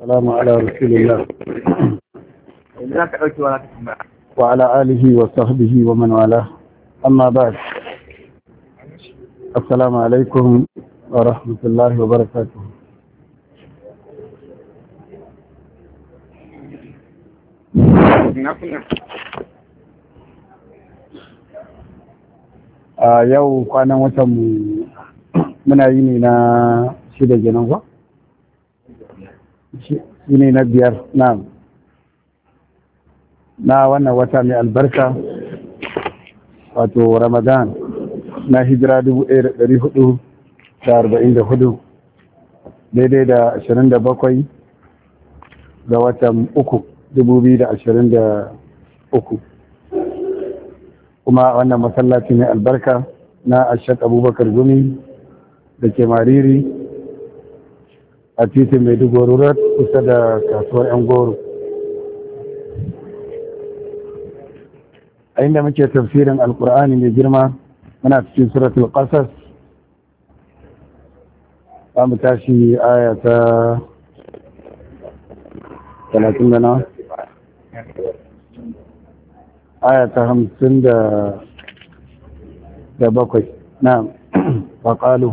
السلام على رسول الله وعلى آله وصحبه ومن والاه أما بعد السلام عليكم ورحمة الله وبركاته a yau kwanan watan muna yi ne na shida kenan ba shi ne na biyar na na wannan wata mai albarka wato ramadan na hijira 1444 daidai da 27 ga watan uku 2023 kuma wannan masallaci mai albarka na ashek abubakar gumi da ke mariri a titin maiduguri road kusa da kasuwar yan goro a inda muke tafsirin alkur'ani mai girma muna cikin suratul qasas za mu tashi aya ta 39 aya ta 57 na faƙalu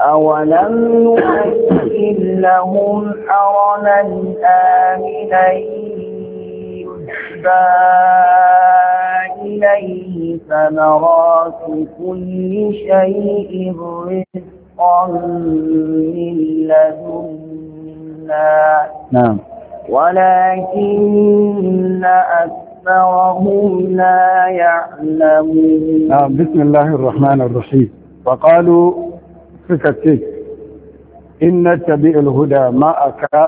أولم يمكن لهم حرما آمنا يحبى إليه ثمرات كل شيء رزقا من لدنا نعم ولكن أكثرهم لا يعلمون نعم بسم الله الرحمن الرحيم وقالوا suka ce in inna tabi'ul huda ma'aka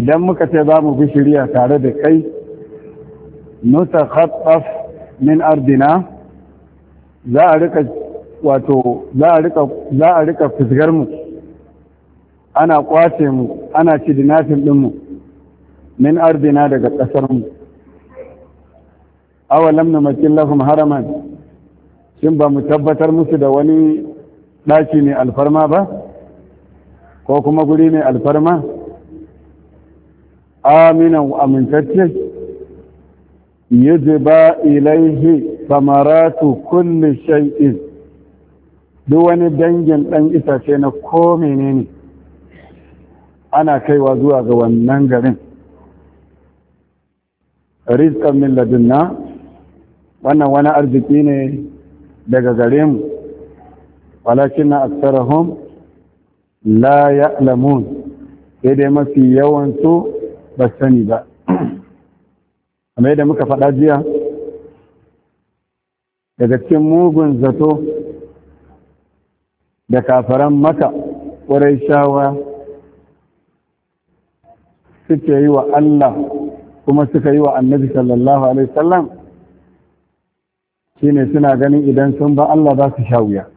idan muka ce za mu bi shirya tare da kai nusa khattaf min ardina za a rika wato za a rika fisgar mu ana kwace mu ana ci dinafin ɗinmu min ardina daga mu awalam na makin lafin haraman shin ba mu tabbatar musu da wani ɗaki mai alfarma ba ko kuma guri mai alfarma aminan amintacce yaji ba ilaihi samaratu kulle shay'in duk wani dangin ɗan itace na ko menene ana kaiwa zuwa ga wannan garin rizqan min ladunna wannan wani arziki ne daga gare mu walakin aktharuhum la ya'lamun sai dai mafi yawan su ba sani ba amma yadda muka faɗa jiya daga cikin mugun zato da kafaran maka ƙurai shawa suke yi wa Allah kuma suka yi wa annabi sallallahu alaihi wasallam shine suna ganin idan sun ba Allah ba su sha wuya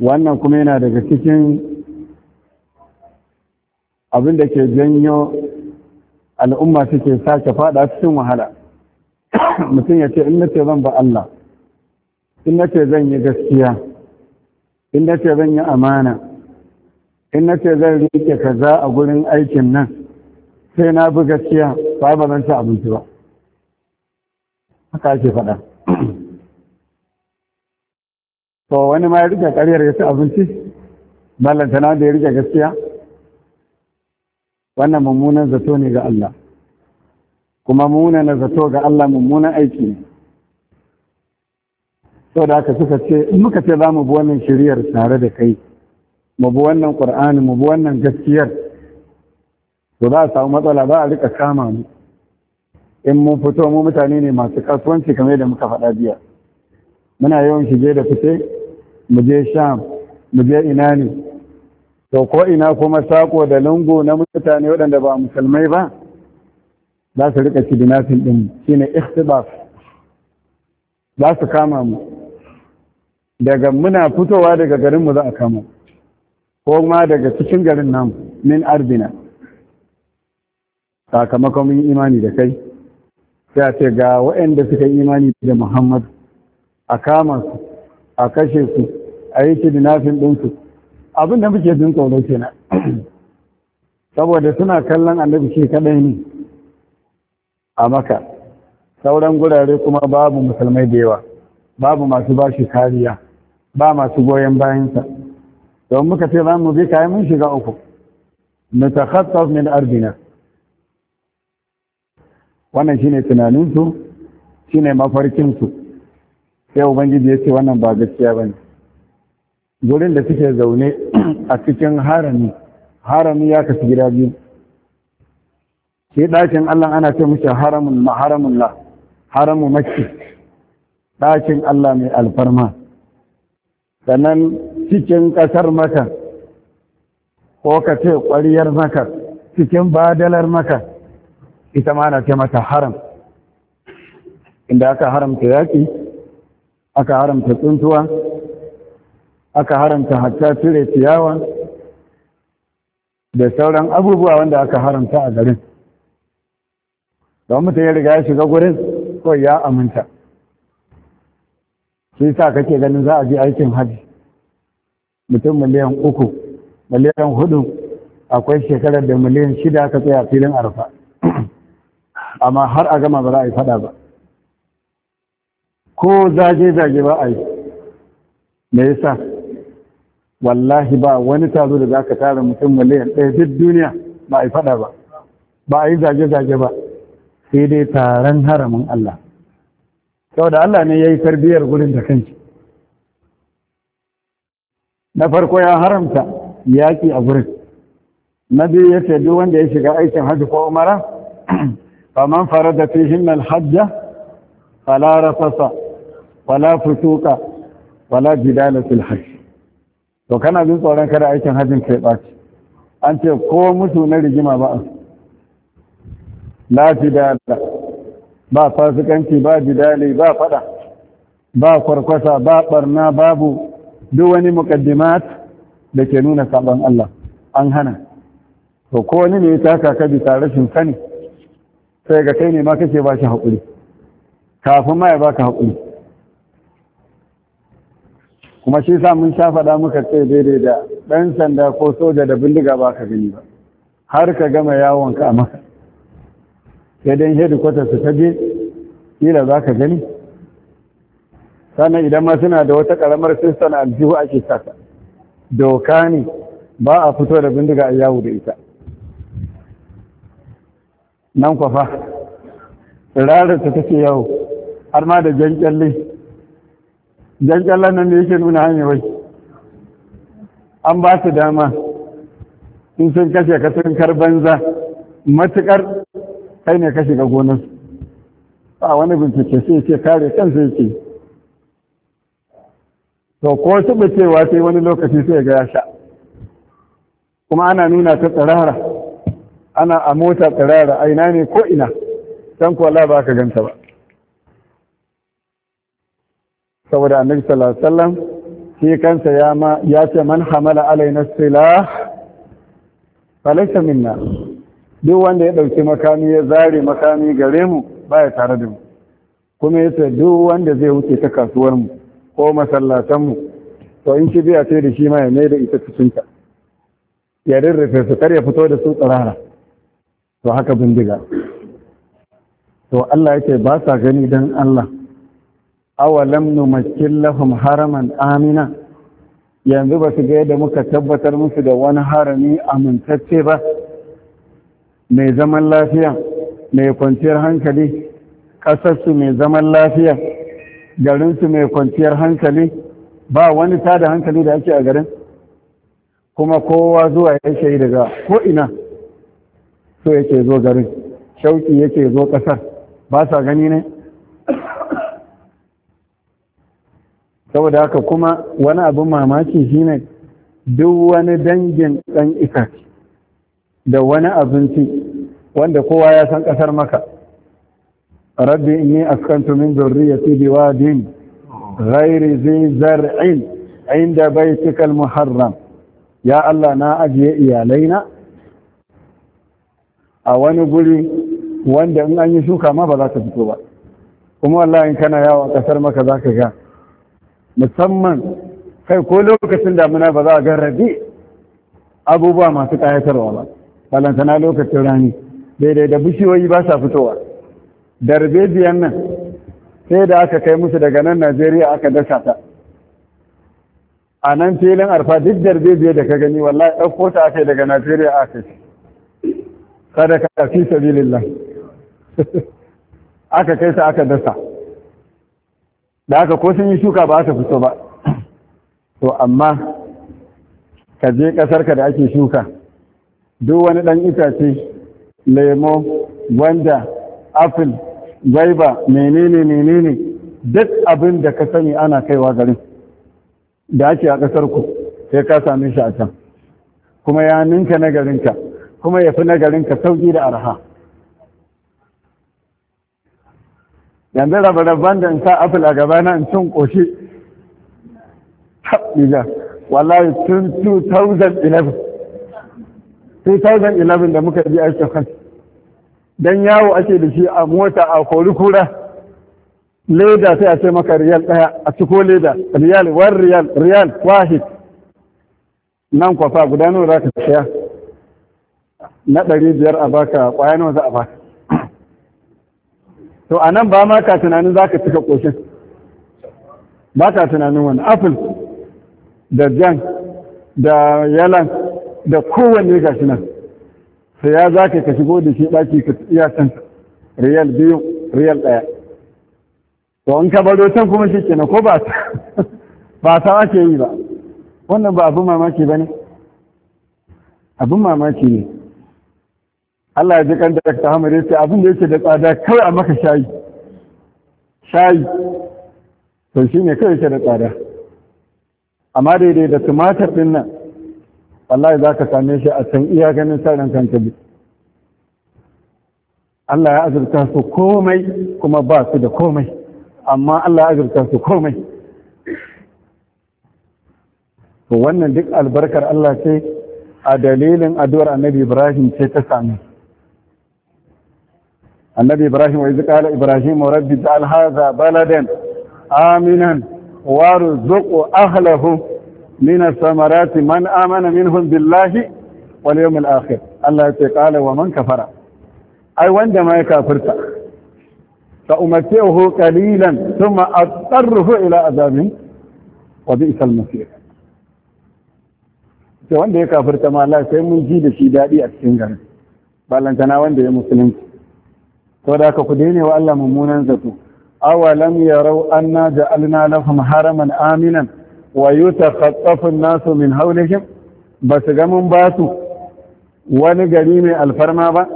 wannan kuma yana daga cikin abin da ke janyo al'umma suke sake fada cikin wahala mutum ya ce in nace zan ba Allah in nace zan yi gaskiya in nace zan yi amana in nace zan rike kaza a gurin aikin nan sai na bi gaskiya ba ba zan ci abinci ba haka ake faɗa to wani ma ya rike karyar ya ci abinci ballantana da ya rike gaskiya wannan mummunan zato ne ga Allah kuma mummunan zato ga Allah mummunan aiki ne to da aka suka ce in muka ce za mu bi wannan shiriyar tare da kai mu bi wannan qur'ani mu bi wannan gaskiyar to za a samu matsala za a rika kama mu in mun fito mu mutane ne masu kasuwanci kamar da muka faɗa biya muna yawan shige da fice mu je sham mu je ina ne to ko ina kuma sako da lungu na mutane waɗanda ba musulmai ba za su rika kidnapping din shine ikhtibaf za su kama mu daga muna fitowa daga garin mu za a kama ko ma daga cikin garin nan, min arzina sakamakon mun imani da kai sai a ce ga waɗanda suka yi imani da Muhammad a kama su a kashe su a yi dinafin ɗinsu abin muke jin tsoro kenan saboda suna kallon annabi shi kaɗai ne a maka sauran gurare kuma babu musulmai da yawa babu masu ba shi kariya ba masu goyon bayansa don muka ce za mu bi kayan mun shiga uku mutakhassas min ardina wannan shine tunaninsu shine mafarkinsu sai ubangiji ya ce wannan ba gaskiya ba ne gurin da suke zaune a cikin harami harami ya kasu gida biyu shi ɗakin allah ana ce mishi haramun haramun la haramun makki ɗakin allah mai alfarma sannan cikin ƙasar maka ko ka ce ƙwariyar maka cikin badalar maka ita ma ana ce mata haram inda aka haramta yaƙi aka haramta tsuntuwa aka haramta hatta cire ciyawa da sauran abubuwa wanda aka haramta a garin don mutum ya riga ya shiga gurin ko ya aminta shi sa kake ganin za a je aikin hajji mutum miliyan uku miliyan hudu akwai shekarar da miliyan shida ka tsaya filin arfa amma har a gama ba za a yi fada ba ko zage-zage ba a yi me yasa wallahi ba wani taro da za ka tara mutum miliyan ɗaya duk duniya ba a yi faɗa ba ba a yi zage-zage ba sai dai taron haramin Allah saboda Allah ne ya yi tarbiyyar gurin da kanci na farko ya haramta yaƙi a gurin na biyu ya ce duk wanda ya shiga aikin hajji ko umara da farada fihin hajja fala rafasa wala fusuka wala jidala fil hajj to kana jin tsoron kada aikin hajjin kai baci an ce ko mutu na rigima ba la jidala ba fasikanci ba jidali ba fada ba kwarkwasa ba barna babu duk wani muqaddimat da ke nuna sabon Allah an hana to ko wani ne ya taka ka bisa rashin sani sai ga kai ne ma kake ba shi haƙuri kafin ma ya baka hakuri kuma shi sa mun sha faɗa muka ce daidai da ɗan sanda ko soja da bindiga ba ka gani ba har ka gama yawon ka maka sai dan hedikwata su ta je kila za ka gani sannan idan ma suna da wata ƙaramar sistan aljihu ake saka. doka ne ba a fito da bindiga a yawo da ita nan kwafa ta take yawo har ma da jan kyalle jan nan da yake nuna hanyar an ba su dama in sun kashe ka sun karban banza matukar kai ne ka ga gonar ba wani bincike sai ce kare kan sai yake to ko su ba cewa sai wani lokaci sai ga ya sha kuma ana nuna ta tsirara ana a mota tsirara a ina ne ko ina can kuwa ba ka ganta ba saboda annabi sallallahu alaihi wasallam shi kansa ya ma ya ce man hamala alaina silah falaysa minna duk wanda ya dauki makami ya zare makami gare mu baya tare da mu kuma yace duk wanda zai wuce ta kasuwar mu ko masallatan mu to in biya ce da shi ma ya mai da ita cikinta ya rirrufe su kar ya fito da su tsirara to haka bindiga to Allah yake ba sa gani dan Allah awalam numakkin lahum haraman amina yanzu ba su ga yadda muka tabbatar musu da wani harami amintacce ba mai zaman lafiya mai kwanciyar hankali ƙasarsu mai zaman lafiya garinsu mai kwanciyar hankali ba wani tada hankali da ake a garin kuma kowa zuwa ya shayi daga ko'ina so yake zo garin shauki yake zo ƙasar ba sa gani ne saboda haka kuma wani abin mamaki shine duk wani dangin ɗan itace da wani abinci wanda kowa ya san ƙasar maka rabbi inni askantu min zurriyati biwadin ghairi zai zar'in inda baitikal muharram ya Allah na ajiye iyalaina a wani guri wanda in an yi shuka ma ba za ta fito ba kuma wallahi in kana yawo kasar ƙasar maka za ka ga musamman kai ko lokacin damuna ba za a rabi? abubuwa masu ƙayatarwa ba falantana lokacin rani daidai da bishiyoyi ba sa fitowa da rabebiyan nan sai da aka kai musu daga nan najeriya aka dasa ta a nan filin arfa duk da rabebiya da ka gani wallahi ɗauko ta aka yi daga najeriya aka yi sadaka fi sabilillah aka kai ta aka dasa da haka ko sun yi shuka ba ta fito ba to amma ka je ƙasarka da ake shuka duk wani ɗan itace lemo gwanda apple gwaiba menene menene duk abin da ka sani ana kaiwa garin da ake a ƙasarku sai ka same shi a can kuma ya ninka na garinka kuma ya fi na garinka sauƙi da arha yanzu rabe-raben da in sa a gabana in cin ƙoshi haɓɓiga wallahi tun 2011 2011 da muka bi aikin kan don yawo ake da shi a mota a kori kura leda sai a ce maka riyal ɗaya a ciko leda riyal wani riyal riyal wahid nan kwafa gudanar za ka siya na ɗari biyar a baka kwaya nawa za a baka to a nan ba ma ka tunanin za ka cika ƙoshin ba ka tunanin wani apple da jan da yalan da kowanne ga shi nan sai ya za ka shigo da shi ɗaki ka iya can riyal biyu riyal ɗaya to in ka baro can kuma shi kenan ko ba ba ta ake yi ba wannan ba abin mamaki ba ne abin mamaki ne Allah ya ji kan Dr. Hamad ya ce abin da yake da tsada kawai a maka shayi shayi to shi ne kawai yake da tsada amma daidai da tumatir ɗin nan wallahi za ka same shi a can iya ganin sa kanka bi Allah ya azurta su komai kuma ba su da komai amma Allah ya azurta su komai to wannan duk albarkar Allah ce a dalilin addu'ar Annabi Ibrahim ce ta same annabi ibrahim wa izqala ibrahim rabbi ja'al hadha baladan aminan warzuq ahlahu min as-samarati man amana minhum billahi wal yawmil akhir Allah ya qala wa man kafara ai wanda ma ya kafirta fa umatihu qalilan thumma atarruhu ila azabin wa bi'sal masir to wanda ya kafirta ma Allah sai mun ji da shi dadi a cikin garin ballantana wanda ya musulunci saboda haka ku daina wa Allah mummunan zato awalam yarau anna ja'alna lahum haraman aminan wa yutaqaffafu an-nasu min hawlihim basu ga mun ba su wani gari mai alfarma ba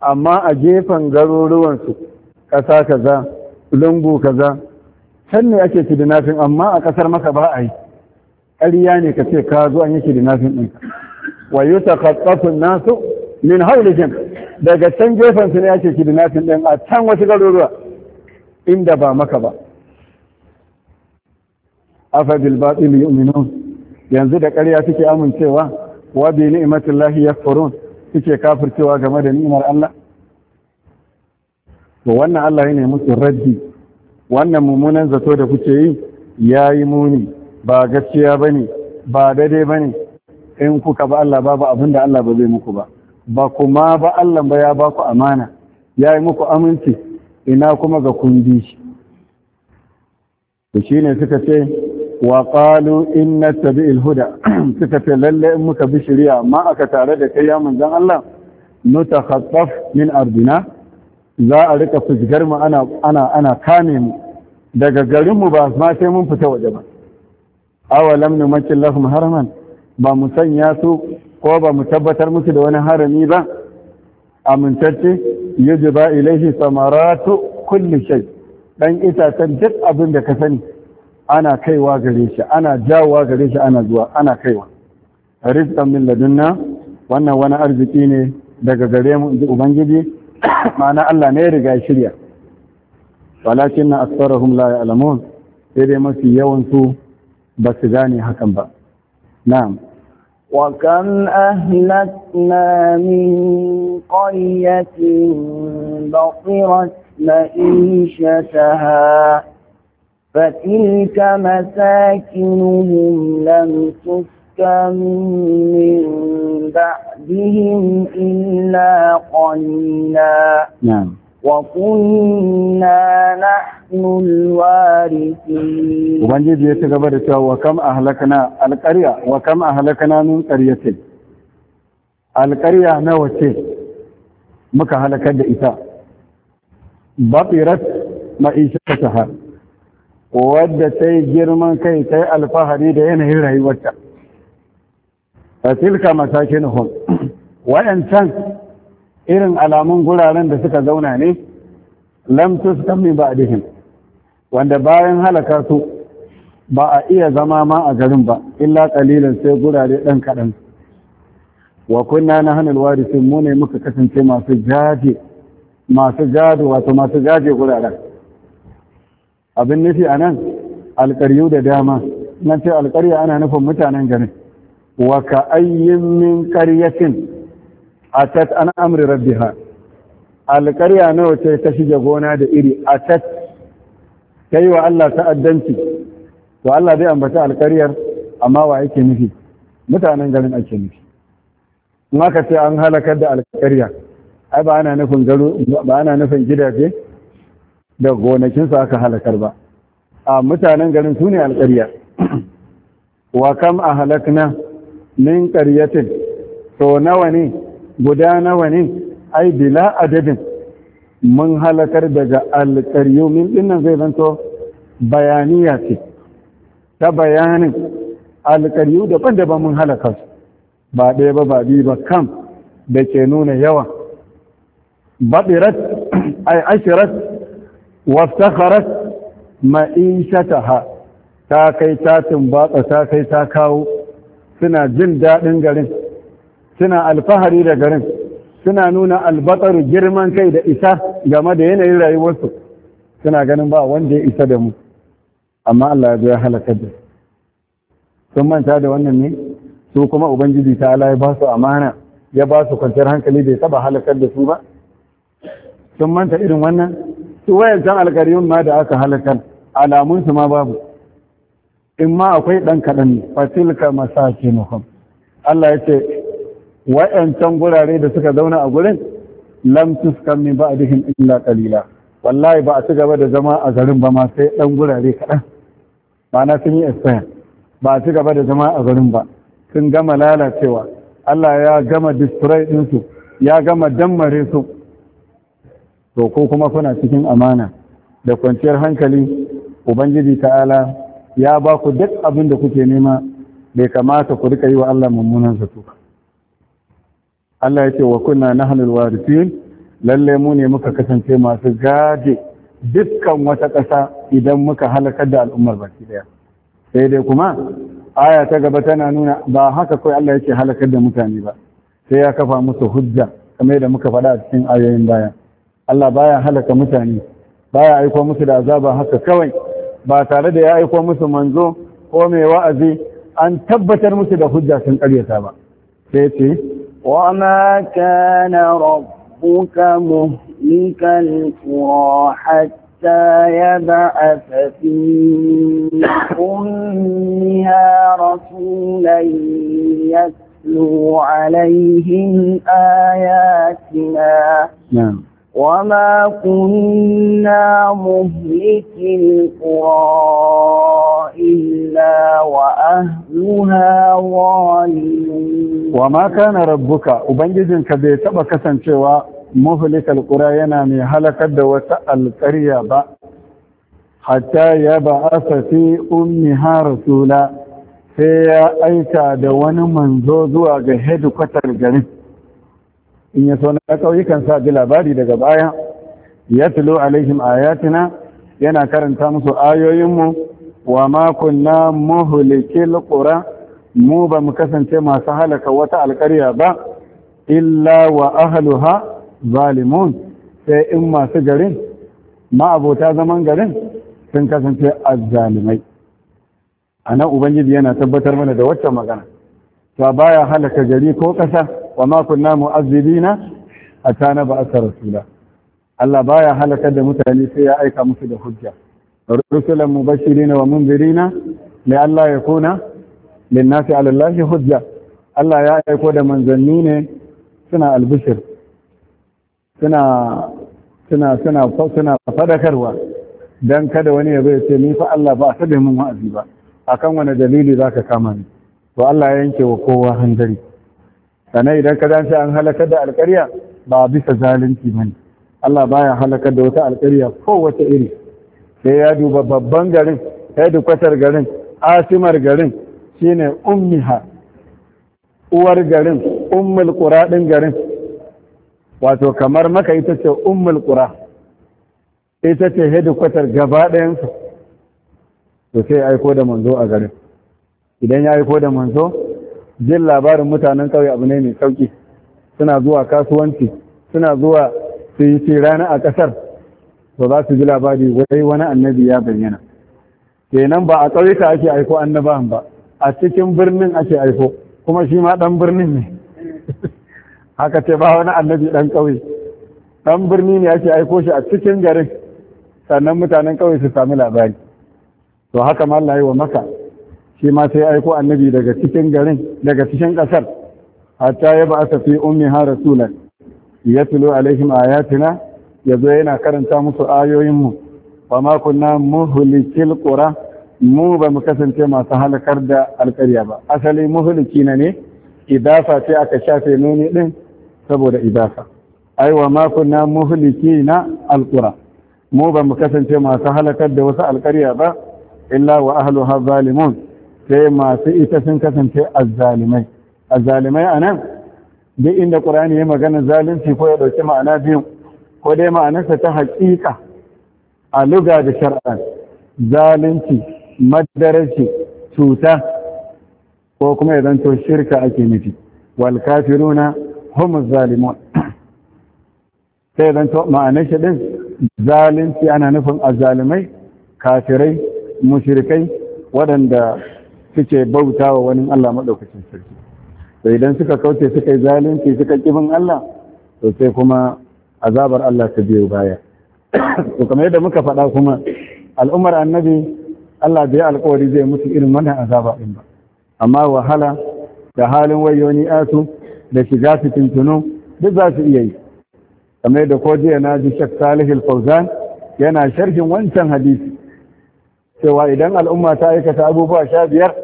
amma a gefen garuruwansu ƙasa kaza lungu kaza can ne ake kidinafin amma a ƙasar maka ba a yi ƙarya ne ka ce ka zo an yi kidinafin ɗin wa yutakhaffafu an-nasu min haulihim daga can gefen su ne ake kidnapping din a can wasu garuruwa inda ba maka ba afadil batil yu'minun yanzu da ƙarya suke amincewa wa bi ni'matillahi yakfurun suke kafircewa game da ni'imar Allah to wannan Allah ne musu raddi wannan mummunan zato da kuke yi yayi muni ba gaskiya bane ba daidai bane in kuka ba Allah babu abinda Allah ba zai muku ba ba kuma ba Allah ba ya ba ku amana ya yi muku aminci ina kuma ga kun bi shi ne suka ce wa qalu inna tabi'il huda suka ce lalle in muka bi shari'a ma aka tare da kai ya manzon Allah nutakhaffaf min ardina za a rika fusgar mu ana ana kame mu daga garinmu mu ba ma sai mun fita waje ba awalam numakin lahum muharman, ba mu sanya su ko ba mu tabbatar musu da wani harami ba amintacce ba ilaihi samaratu kulli shay dan itacen duk abin da ka sani ana kaiwa gare shi ana jawowa gare shi ana zuwa ana kaiwa rizqan min ladunna wannan wani arziki ne daga gare mu inji ubangiji ma'ana Allah ne ya riga shirya walakin na la ya'lamun sai dai mafi yawan su ba su gane hakan ba na'am وكم أهلكنا من قرية بطرت معيشتها فتلك مساكنهم لم تسكن من بعدهم إلا قليلا نعم وكنا نحن الوارثين وبنجي ya ci gaba da cewa wa kam ahlakna alqarya wa kam ahlakna min qaryatin alqarya nawa ce muka halakar da ita batirat ma'ishataha wadda ta yi girman kai ta yi alfahari da yanayin rayuwarta a tilka masakin hun waɗancan irin alamun guraren da suka zauna ne lam ba a ba'dihim wanda bayan halaka su ba a iya zama ma a garin ba illa kalilan sai gurare ɗan kaɗan wa kunna na hannun wari mu ne muka kasance masu jaje masu gado wato masu gaje guraren abin nufi a nan alƙaryu da dama nan ce alƙarya ana nufin mutanen garin wa ka ayyin min ƙaryacin atat an amri rabbiha alƙarya nawa ce ta shige gona da iri atat ta yi wa Allah ta'addanci to Allah zai ambata alƙaryar amma wa yake nufi mutanen garin ake nufi in aka ce an halakar da alƙarya ai ba ana nufin garo ba ana nufin gidaje da gonakinsu aka halakar ba a mutanen garin su ne alƙarya wa kam a halakna min qaryatin to nawa ne guda nawa ne ai bila adadin mun halakar daga alƙaryomin dinnan zai zanto bayaniya ce ta bayanin alƙaryu daban-daban mun halaka su ba ɗaya ba ba biyu ba kam da ke nuna yawa baɗirat ai ashirat waftakharat ma'ishataha ta kai ta tumbatsa ta kai ta kawo suna jin daɗin garin suna alfahari da garin suna nuna albatar girman kai da isa game da yanayin rayuwarsu suna ganin ba wanda ya isa da mu amma Allah ya zo ya halaka da sun manta da wannan ne su kuma ubangiji ta ala ya ba su amana ya ba su kwanciyar hankali bai taba halakar da su ba sun manta irin wannan su wayancan alkariyun ma da aka halakar su ma babu in ma akwai ɗan kaɗan ne fasilka masakinukum Allah ya ce wa'yancan gurare da suka zauna a gurin lam tuskan min ba'dihim illa qalila wallahi ba a ci gaba da zama a garin ba ma sai dan gurare kaɗan na sun yi expire ba a ci gaba da zama a garin ba sun gama lalacewa Allah ya gama destroy ɗinsu ya gama dammare su to ko kuma kuna cikin amana da kwanciyar hankali ubangiji ta'ala ya ba ku duk abin da kuke nema bai kamata ku rika yi wa Allah mummunan zato Allah ya ce wa kunna nahnul warithin lalle mu ne muka kasance masu gaje dukkan wata ƙasa idan muka halakar da al'ummar baki daya sai dai kuma aya ta gaba tana nuna ba haka kawai Allah yake halakar da mutane ba sai ya kafa musu hujja kamar yadda muka faɗa a cikin ayoyin baya Allah baya halaka mutane baya aiko musu da azaba haka kawai ba tare da ya aiko musu manzo ko mai wa'azi an tabbatar musu da hujja sun ƙaryata ba sai ce وما كان ربك مهلك القرى حتى يبعث في أمها رسولا يتلو عليهم آياتنا نعم وما كنا مهلك القرى إلا وأهلها ظالمون wa ma kana rabbuka ubangijinka bai taba kasancewa muhlikal qura yana mai halakar da wata alƙarya ba hatta ya ba'asa fi ummiha rasula sai ya aika da wani manzo zuwa ga hedikwatar garin in ya so na ƙauyukan sa ji labari daga baya ya tulo alaihim ayatina yana karanta musu ayoyinmu wa ma na muhlikil qura mu ba mu kasance masu halaka wata alkarya ba illa wa ahaluha zalimun sai in masu garin ma'abota zaman garin sun kasance azzalimai a nan ubangiji yana tabbatar mana da waccan magana ta baya halaka gari ko ƙasa wa makon namu kunna a tana ba a rasula Allah baya halaka da mutane sai ya aika musu da hujja rusulan mubashirina wa mai Allah ya kuna linnasi alallahi hujja Allah ya aiko da manzanni ne suna albishir suna suna suna suna fadakarwa dan kada wani ya bai ce ni fa Allah ba ta da mun wa'azi ba akan wani dalili zaka kama ni to Allah ya yanke wa kowa hanzari sannan idan ka dace an halakar da alƙarya ba bisa zalunci bane Allah baya halakar da wata alƙarya kowace iri sai ya duba babban garin hedikwatar garin asimar garin shine ummiha uwar garin ummul kura din garin wato kamar maka ita ce ummul kura ita ce hedikwatar gaba ɗayansu to sai aiko da manzo a garin idan ya aiko da manzo jin labarin mutanen kawai abu ne mai sauki suna zuwa kasuwanci suna zuwa su yi rana a ƙasar to za su ji labari wai wani annabi ya bayyana kenan ba a ƙauyuka ake aiko annabawan ba a cikin birnin ake aiko kuma shi ma ɗan birnin ne haka ce ba wani annabi ɗan ƙauye ɗan birni ne ake aiko shi a cikin garin sannan mutanen ƙauye su sami labari to haka ma Allah wa maka shi ma sai aiko annabi daga cikin garin daga cikin ƙasar hatta ya ba fi ummi ha rasulan tulo alaihim ayatina yazo yana karanta musu ayoyin mu wa ma kunna muhlikil qura mu ba mu kasance masu halakar da alkarya ba asali muhuliki na ne idafa ce aka shafe nuni din saboda idafa ai wa ma kunna muhliki na alkura mu ba mu kasance masu halakar da wasu alkarya ba illa wa ha zalimun sai masu ita sun kasance azzalimai azzalimai anan duk inda qur'ani ya magana zalunci ko ya ɗauki ma'ana biyu ko dai ma'anarsa ta haƙiƙa a luga da shar'an zalunci Madaraci, cuta ko kuma ya zanto shirka ake nufi wal kafiruna hum zalimun sai to ma'anar shi din zalunci ana nufin azalimai kafirai mushrikai waɗanda suke bautawa wani Allah madaukakin sarki to idan suka kauce suka yi zalunci suka kibin Allah to sai kuma azabar Allah ta biyo baya to kamar yadda muka faɗa kuma al'ummar annabi Allah bai alƙawari zai mutu irin wannan azaba din ba amma wahala da halin wayoni asu da shiga cikin tuno duk za su iya yi kamar da ko jiya na ji Sheikh Salih Al-Fauzan yana sharhin wancan hadisi cewa idan al'umma ta aikata abubuwa sha biyar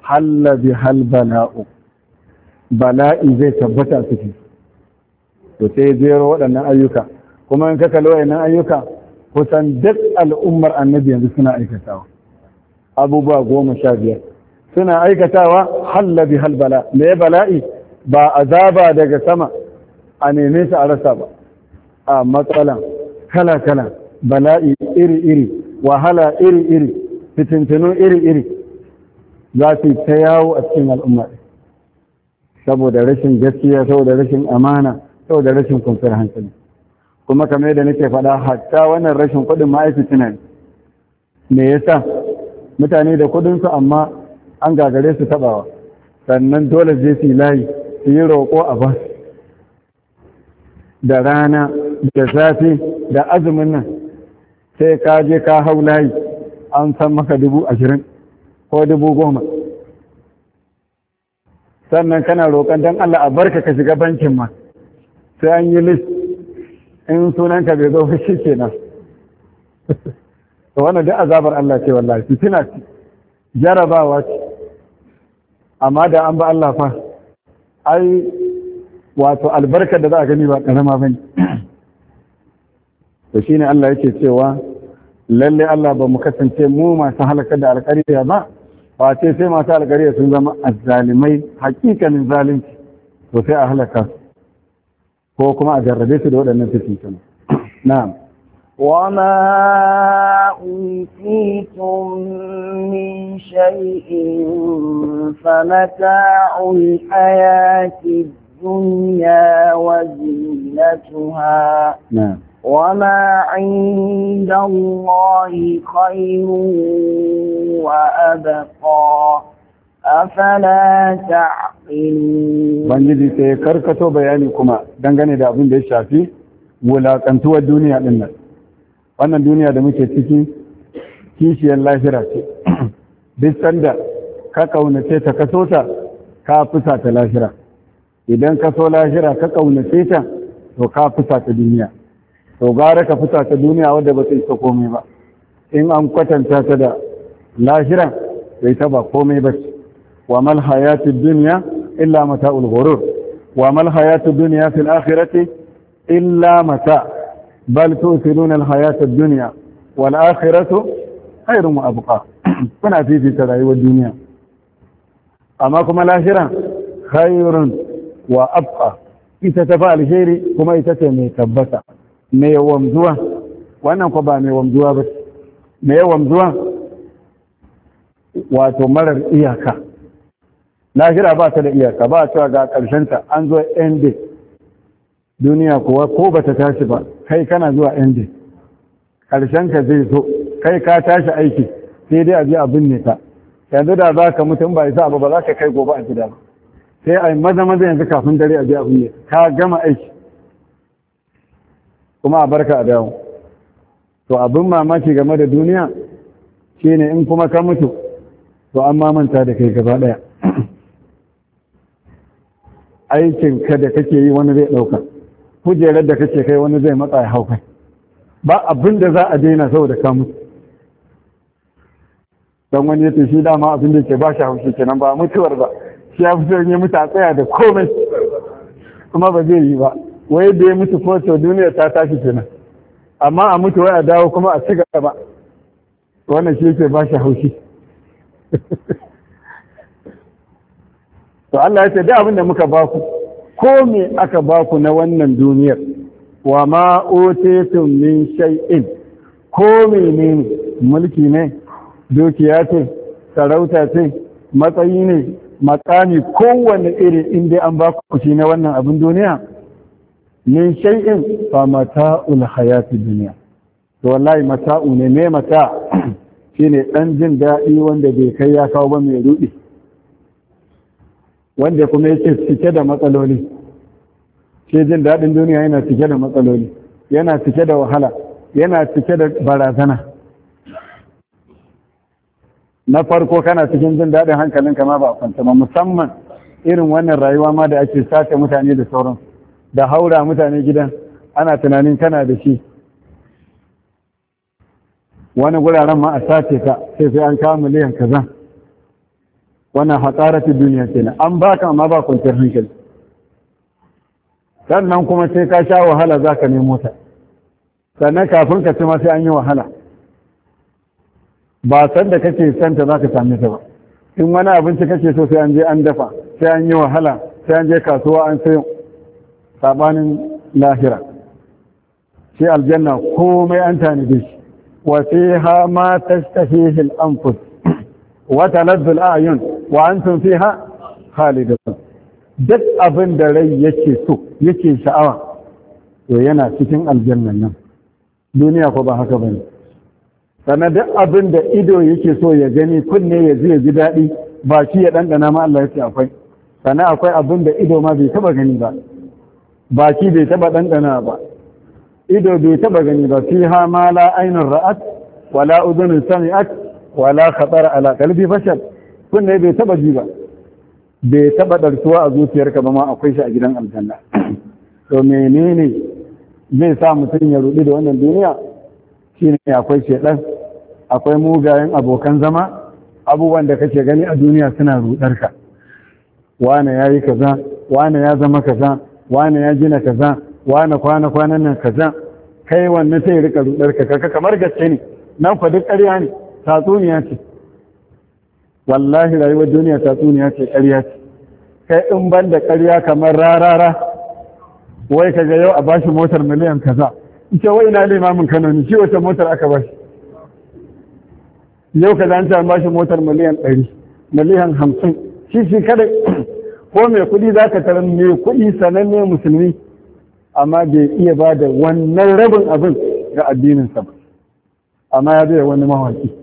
halla bi hal bala'u bala'i zai tabbata ciki to sai zero waɗannan ayyuka kuma in ka kalli ayyuka kusan duk al'ummar annabi yanzu suna aikatawa abubuwa goma sha biyar suna aikatawa halla bi hal bala me bala'i ba azaba daga sama a neme su a rasa ba a matsala kala kala bala'i iri iri wahala iri iri fitintinu iri iri za su ta yawo a cikin al'umma saboda rashin gaskiya saboda rashin amana saboda rashin kwanciyar hankali kuma kamar yadda nake faɗa hatta wannan rashin kuɗin ma'aikaci ne me yasa mutane da kudinsu amma an gagare su tabawa sannan dole je su layi su yi roƙo a ba da rana da zafi da azumin nan sai ka je ka hau layi an san maka dubu ashirin ko dubu goma sannan kana roƙon don Allah a barka ka shiga bankin ma sai an yi list in sunanka bai zo shi kenan to wannan da azabar Allah ce wallahi fitina ce jarabawa ce amma da an ba Allah fa ai wato albarkar da za a gani ba karama bane to shine Allah yake cewa lalle Allah ba mu kasance mu masu halakar da alƙarya ba ba ce sai masu alƙarya sun zama azzalimai hakikanin zalunci to sai a halaka ko kuma a jarrabe su da waɗannan fitinkan na'am wa ma أوتيتم من شيء فمتاع الحياة الدنيا وزينتها نعم وما عند الله خير وأبقى أفلا تعقلون بنجي سيكركتو بياني كما دنغني دا أبن دي شافي ولا كنتو الدنيا للناس wannan duniya da muke ciki kishiyar lahira ce duk sanda ka kaunace ta ka ta ka fusa ta lahira idan ka so lahira ka kaunace ta to ka fusa ta duniya to gara ka fusa ta duniya wadda ba ta isa komai ba in an kwatanta ta da lahira bai ta ba komai ba ce wa mal hayatu dunya illa mata'ul ghurur wa mal hayatu dunya fil akhirati illa mata' bal tusiruna alhayata ad-dunya wal akhiratu khairun wa abqa kuna fifita rayuwar duniya amma kuma lahira khairun wa abqa ita ta fa alheri kuma ita ce mai tabbata mai wamzuwa wannan ko ba mai wamzuwa ba mai wamzuwa wato marar iyaka lahira ba ta da iyaka ba a cewa ga ƙarshenta an zo end duniya kuwa ko ba ta tashi ba kai kana zuwa inda ƙarshen ka zai zo kai ka tashi aiki sai dai a ji abin ne ta yanzu da za ka mutum ba isa abu ba za ka kai gobe a gida sai a maza maza yanzu kafin dare a ji abin ne ka gama aiki kuma a barka a dawo to abin mamaki game da duniya shine in kuma ka mutu to an mamanta da kai gaba ɗaya aikin ka da kake yi wani zai ɗauka kujerar da kake kai wani zai matsa ya hau kai ba abin da za a daina saboda ka mutu don wani ya tafi dama abin da ke ba shi haushi kenan ba mutuwar ba shi ya fito ya mutu a tsaya da komai kuma ba zai yi ba wai da ya mutu ko to duniya ta tashi kenan amma a mutu wai a dawo kuma a ci gaba wannan shi yake ba shi haushi to Allah ya ce da abin da muka ba ku ko me aka ba ku na wannan duniyar wa ma otetun min shay'in ko ne mulki ne dukiya ce sarauta ce matsayi ne makami kowane iri in dai an ba ku shi na wannan abin duniya min shay'in fa mata'ul hayati duniya to wallahi mata'u ne me mata shine dan jin daɗi wanda bai kai ya kawo ba mai rudi wanda kuma yake cike da matsaloli ke jin daɗin duniya yana cike da matsaloli yana cike da wahala yana cike da barazana na farko kana cikin jin daɗin hankalin kama ba a kwanta ba musamman irin wannan rayuwa ma da ake sace mutane da sauran da haura mutane gidan ana tunanin kana da shi wani guraren ma a sace ka sai sai an kawo miliyan kaza wannan hasaratu duniya ce na an baka amma ba kwanciyar hankali sannan kuma sai ka sha wahala za ka nemo ta sannan kafin ka ci ma sai an yi wahala ba san da kake santa za ka same ta ba in wani abinci kake so sai an je an dafa sai an yi wahala sai an je kasuwa an sayo sabanin lahira sai aljanna komai an da shi wa ha ma tashtahihi anfus wa taladdu ayun wa antum fiha khalidun duk abin da rai yake so yake sha'awa to yana cikin aljannan nan duniya ko ba haka bane sannan duk abin da ido yake so ya gani kunne ya ji ya ji daɗi ba shi ya ɗanɗana ma Allah yake akwai sannan akwai abin da ido ma bai taɓa gani ba baki bai taɓa ɗanɗana ba ido bai taɓa gani ba fi ha ma la ainihin ra'at wala uzunin sami'at wala khatar ala kalbi bashar kunne bai taba ji ba bai taba dartuwa a zuciyarka ba ma akwai shi a gidan aljanna to menene zai sa mutum ya ruɗu da wannan duniya shine akwai shedan akwai mugayen abokan zama abubuwan da kake gani a duniya suna rudarka wane ya kaza wane ya zama kaza wane ya gina kaza wane kwana kwanan nan kaza kai wanne sai rika rudarka kaka kamar gaske ne nan fa duk ƙarya ne tatsuniya ce wallahi rayuwar duniya ta tsuniya ce ƙarya ce kai in ban da ƙarya kamar rarara wai kaga yau a bashi motar miliyan kaza ita wai ina limamin kano ne shi wata motar aka bashi yau ka an a an bashi motar miliyan ɗari miliyan hamsin shi shi kada ko mai kuɗi za ka tarar mai kuɗi sananne musulmi amma bai iya ba da wannan rabin abin ga addininsa ba amma ya zai wani mawaki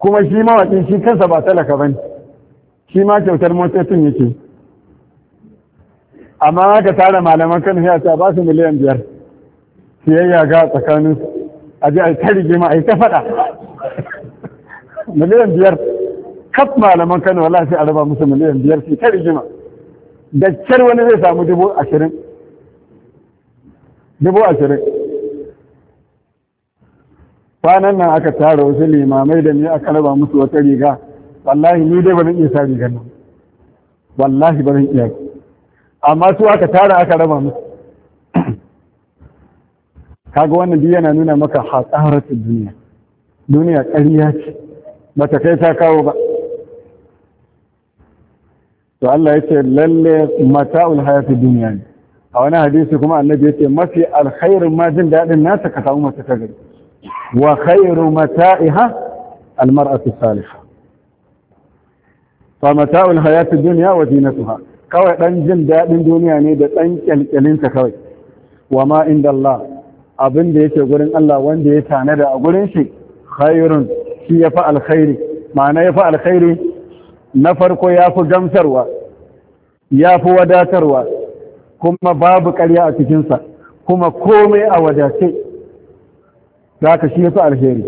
kuma shi mawaƙin shi kansa ba talaka ba ne shi ma kyautar motocin yake amma aka tara malaman kan ya ta ba su miliyan biyar siyayya ga tsakanin a ji a ta rigima a ta faɗa miliyan biyar kaf malaman kano wala sai a raba musu miliyan biyar su ta rigima da kyar wani zai samu dubu ashirin dubu ashirin kwanan nan aka tara wasu limamai da ni aka raba musu wata riga wallahi ni dai ba zan iya sa rigar nan wallahi ba zan iya amma su aka tara aka raba musu kaga wannan biyu yana nuna maka hatsaratu duniya duniya ƙarya ce bata kai ta kawo ba to Allah ya ce lalle mata'ul hayatu duniya ne a wani hadisi kuma annabi ya ce mafi alkhairin ma jin daɗin nasa ka samu mata ta gari wa khairu mata'iha almar'atu salihah fa mata'ul hayati dunya wa zinatuha kawai ɗan jin daɗin duniya ne da ɗan kyalkyalin kawai wa ma inda Allah abin da yake gurin Allah wanda ya tanada a gurin shi khairun shi yafi alkhairi ma'ana yafi alkhairi na farko yafi gamsarwa yafi wadatarwa kuma babu karya a cikinsa kuma komai a wadace za ka shi yafi alheri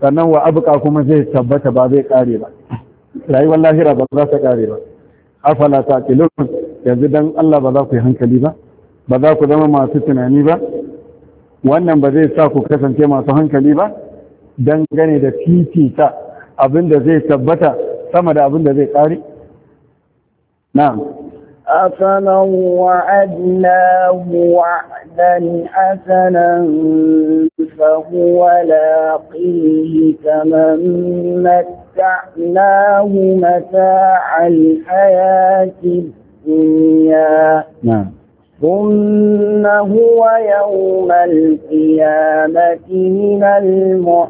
sannan wa abuka kuma zai tabbata ba zai kare ba rayuwar lahira ba za ta kare ba afala ta yanzu dan Allah ba za ku yi hankali ba ba za ku zama masu tunani ba wannan ba zai sa ku kasance masu hankali ba dan gane da fifita abinda zai tabbata sama da abinda zai kare na'am أفمن وعدناه وعدا حسنا فهو لاقيه كمن متعناه متاع الحياة الدنيا نعم ثم هو يوم القيامة من المحضنين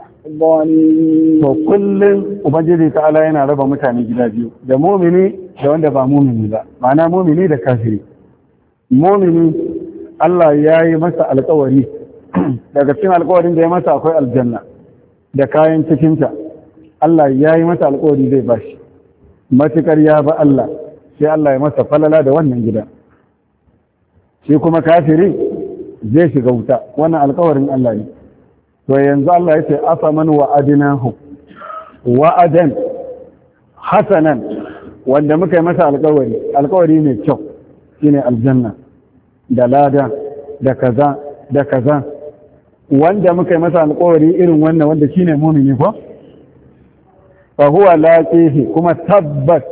وكل وبجد تعالى ينا ربا متعني جدا بيو ده مؤمني da wanda ba mumini ba ma'ana mumini da kafiri mumini Allah ya yi masa alkawari daga cikin alkawarin da ya masa akwai aljanna da kayan cikinta Allah ya yi masa alkawari zai ba shi matukar ya ba Allah sai Allah ya masa falala da wannan gida shi kuma kafiri zai shiga wuta wannan alkawarin Allah ne to yanzu Allah ya ce afaman wa'adinahu wa'adan hasanan wanda muka yi masa alkawari alkawari mai kyau shine aljanna da lada da kaza da kaza wanda muka yi masa alkawari irin wannan wanda shine mumini ko fa huwa laqihi kuma tabbat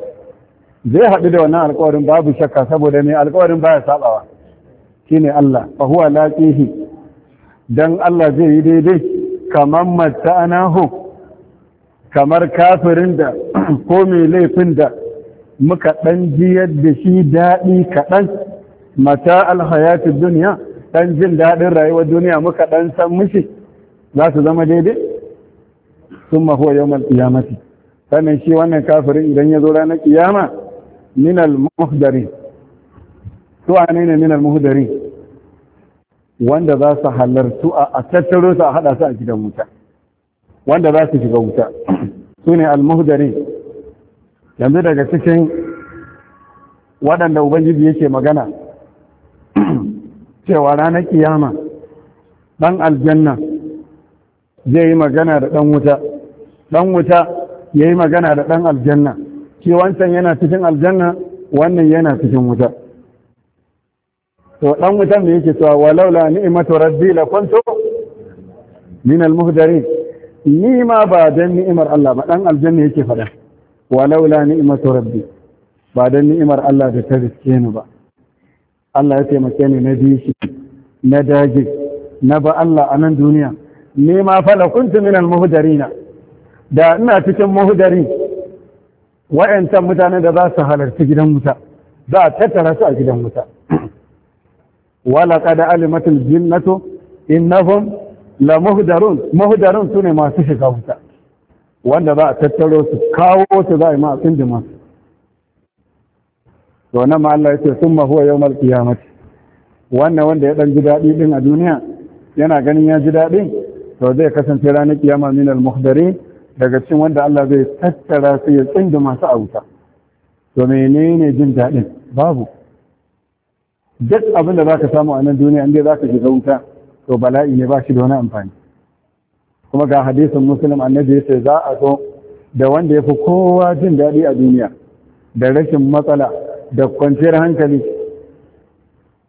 zai haɗu da wannan alkawarin babu shakka saboda mai alkawarin baya sabawa shine Allah fa huwa laqihi dan Allah zai yi daidai kamar matta'anahu kamar kafirin da ko mai laifin da muka ɗan jiyar da shi daɗi kaɗan mata alhayatun duniya ɗan jin daɗin rayuwar duniya muka ɗan san mushi za su zama daidai sun yau yawon kiyamati sannan shi wannan kafirin idan ya zo ranar kiyama minal muhdari su a ne minal muhdari wanda za su halartu a tattaro su a haɗa su a gidan wuta wanda za su shiga wuta su ne al-muhdari yanzu daga cikin waɗanda ubangiji yake magana cewa ranar kiyama ɗan aljanna zai yi magana da ɗan wuta ɗan wuta ya yi magana da ɗan aljanna shi wancan yana cikin aljanna wannan yana cikin wuta to ɗan wutan da yake cewa walaula ni'imatu rabbi la kuntu min al-muhdarin ni ma ba dan ni'imar Allah ba ɗan aljanna yake faɗa walaula ni'matu rabbi ba dan ni'imar Allah da ta riske ni ba Allah ya taimake ni na bi na daji, na ba Allah a nan duniya ni ma fa kuntu min al muhdarina da ina cikin muhdari wa'ancan mutanen da za su halarci gidan wuta za a tattara su a gidan wuta wala kada alimatul jinnatu innahum la muhdarun muhdarun sune masu shiga wuta wanda za a tattaro su kawo su za a yi ma a tsindima to wannan ya ce sun mahuwa yau ya mace wannan wanda ya dan ji daɗi din a duniya yana ganin ya ji daɗi to zai kasance ranar kiyama min al muhdari daga cikin wanda Allah zai tattara su ya tsinda masu a wuta to menene jin daɗin babu duk abin da ka samu a nan duniya inda ka shiga wuta to bala'i ne ba shi da wani amfani kuma ga hadisin muslim annabi sai za a zo da wanda ya fi kowa jin daɗi a duniya da rashin matsala da kwanciyar hankali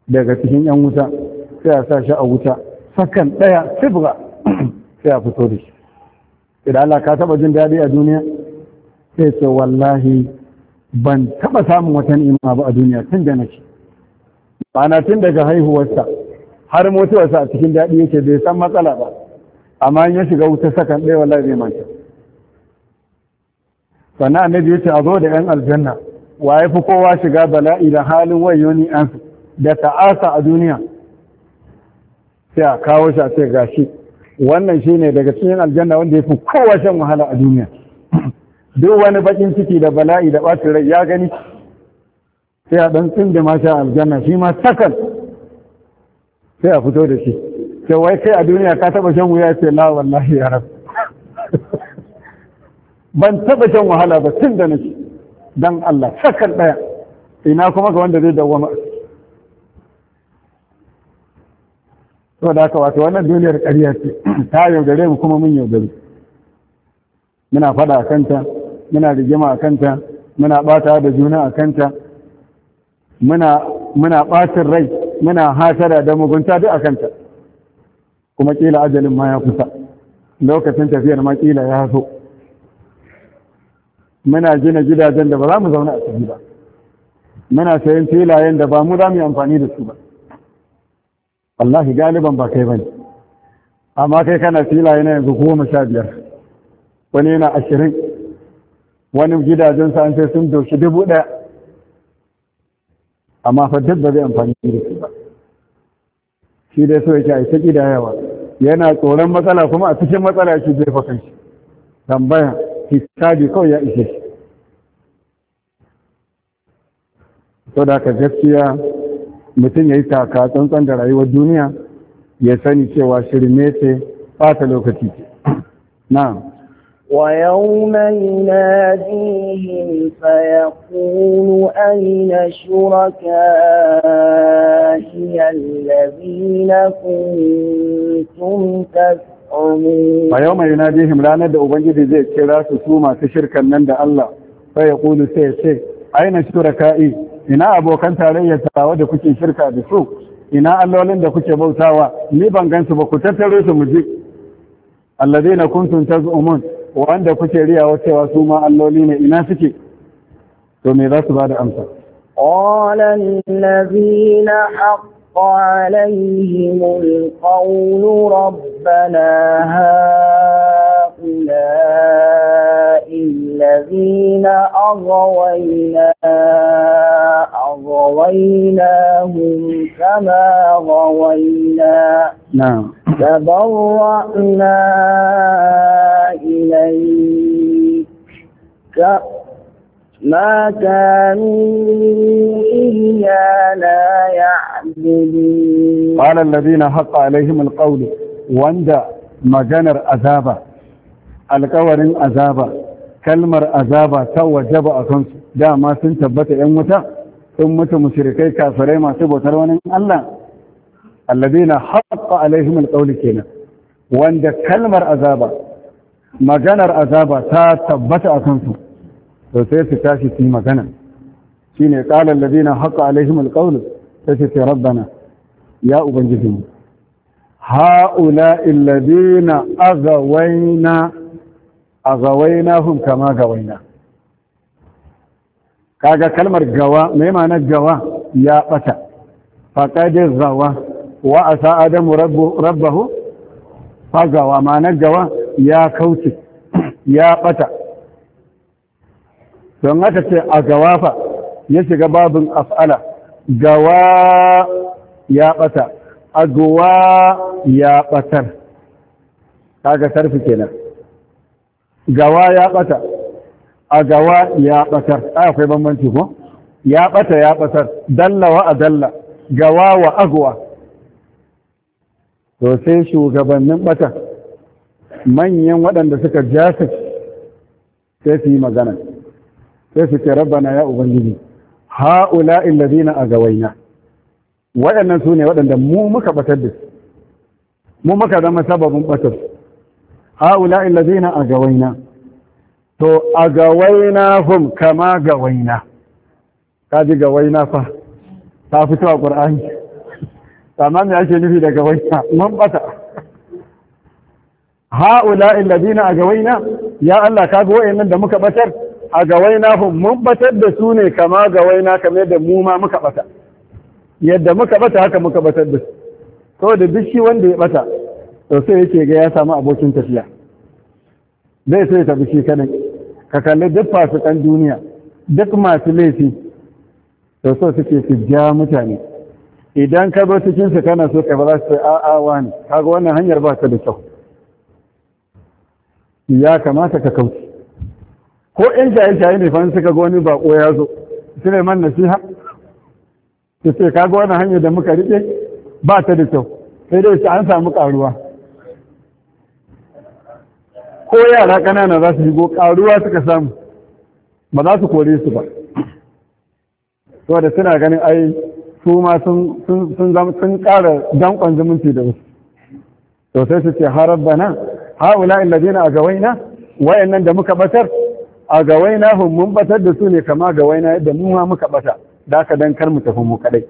daga cikin yan wuta sai a sa shi a wuta sakan ɗaya sibra sai a fito da shi idan Allah ka taba jin daɗi a duniya sai ce wallahi ban taba samun wata ni'ima ba a duniya tun da nake na tun daga haihuwarsa har mutuwarsa a cikin daɗi yake bai san matsala ba amma ya shiga wuta sakan ɗaya wallahi zai manta sannan annabi ya ce a zo da yan aljanna wa ya fi kowa shiga bala'i da halin ni an da ta'asa a duniya sai a kawo shi a ce gashi wannan shi ne daga cikin aljanna wanda ya fi kowa shan wahala a duniya duk wani bakin ciki da bala'i da ɓacin rai ya gani sai a ɗan tsin da masha aljanna shi ma sakan sai a fito da shi ce wai kai a duniya ka taba shan wuya ce la wallahi ya rabu ban taba shan wahala ba tun da nake dan Allah sakan daya ina kuma ga wanda zai dawwama to da haka wato wannan duniyar ƙarya ce ta yaudare mu kuma mun yaudare muna fada a kanta muna rigima a kanta muna bata da juna a kanta muna muna ɓacin rai muna hasara da mugunta duk a kanta kuma ƙila ajalin ma ya kusa lokacin tafiyar ma ƙila ya so muna gina gidajen da ba za mu zauna a ciki ba muna sayan filayen da ba mu za mu yi amfani da su ba wallahi galiban ba kai ba ne amma kai kana filaye na yanzu goma sha biyar wani yana ashirin wani gidajen sa an sai sun doshi dubu ɗaya amma fa duk ba zai amfani da su ba shi dai so yake a ta yawa yana tsoron matsala kuma a cikin matsala yake jefa kai tambaya hisabi kawai ya ishe shi to da ka gaskiya mutum ya yi taka tsantsan da rayuwar duniya ya sani cewa shirme ce ɓata lokaci na. ويوم يناديهم فيقول أين شركائي الذين كنتم تزعمون ويوم يناديهم لا ندع بنجد زي كراس سوما تشركا نند الله فيقول سي سي أين شركائي ina abokan tarayyar tawa da kuke shirka da su ina allolin da kuke bautawa ni ban gansu ba ku tattaro su mu ji alladheena kuntum taz'umun wanda kuke riyawa cewa su ma alloli ne ina suke to me za su ba da amsa قال الذين حق عليهم القول ربنا هؤلاء الذين أغوينا أغويناهم كما غوينا نعم تبرأنا إليك ما كانوا إيانا يعبدون قال الذين حق عليهم القول واندى maganar azaba alkawarin azaba kalmar azaba ta wajaba a kansu dama sun tabbata 'yan wuta sun mutu mushrikai kafirai masu bautar wani Allah allazina haqqa alaihim alqawl kenan wanda kalmar azaba maganar azaba ta tabbata a kansu to su tashi su yi magana shine qala allazina haqqa alaihim alqawl sai su rabbana ya ubangijinmu ha'ula'i allazina azawaina azawainahum kama gawaina kaga kalmar gawa mai ma'anar gawa ya bata faƙaɗin zawa wa asa adamu rabbahu fagawa ma na gawa ya kauce ya bata don haka ce a gawafa ya shiga babin af'ala gawa ya bata agowa ya batar kaga sarfi kenan gawa ya bata a gawa ya batar akwai bambanci ko ya bata ya batar dalla wa adalla gawa wa agwa to sai shugabannin bata manyan waɗanda suka jasa sai su yi magana sai su ce rabbana ya ubangiji ha'ula illazina a gawaina waɗannan su ne waɗanda mu muka batar da su mu muka zama sababin batar ha'ula illazina a gawaina to a gawaina hum kama gawaina ka ji gawaina fa ta fito a ƙur'ani Sama me ake nufi daga waina mun bata ha'ula alladina a gawaina ya Allah ka kaga wayannan da muka batar a gawaina hum mun batar da su ne kama gawaina kamar yadda mu ma muka bata yadda muka bata haka muka batar da su to da duk shi wanda ya bata to sai yake ga ya samu abokin tafiya zai sai tafi shi kanin ka kalli duk fasikan duniya duk masu laifi to so suke su ja mutane idan ka bar cikin su kana so kai ba za su a a'a wani kaga wannan hanyar ba ta da kyau ya kamata ka kauce ko in shaye-shaye ne fa suka ga wani bako ya zo Suleiman nasiha su ce kaga wannan hanyar da muka rike ba ta da kyau sai dai su an samu karuwa ko yara ƙanana za su shigo karuwa suka samu ba za su kore su ba saboda suna ganin ai su ma sun zama sun ƙara danƙon zumunci da wasu to sai su ce harar da nan haula alladina agawaina wayannan da muka batar a gawaina hun mun batar da su ne kama gawaina yadda mu ma muka bata da ka dan kar mu tafi mu kadai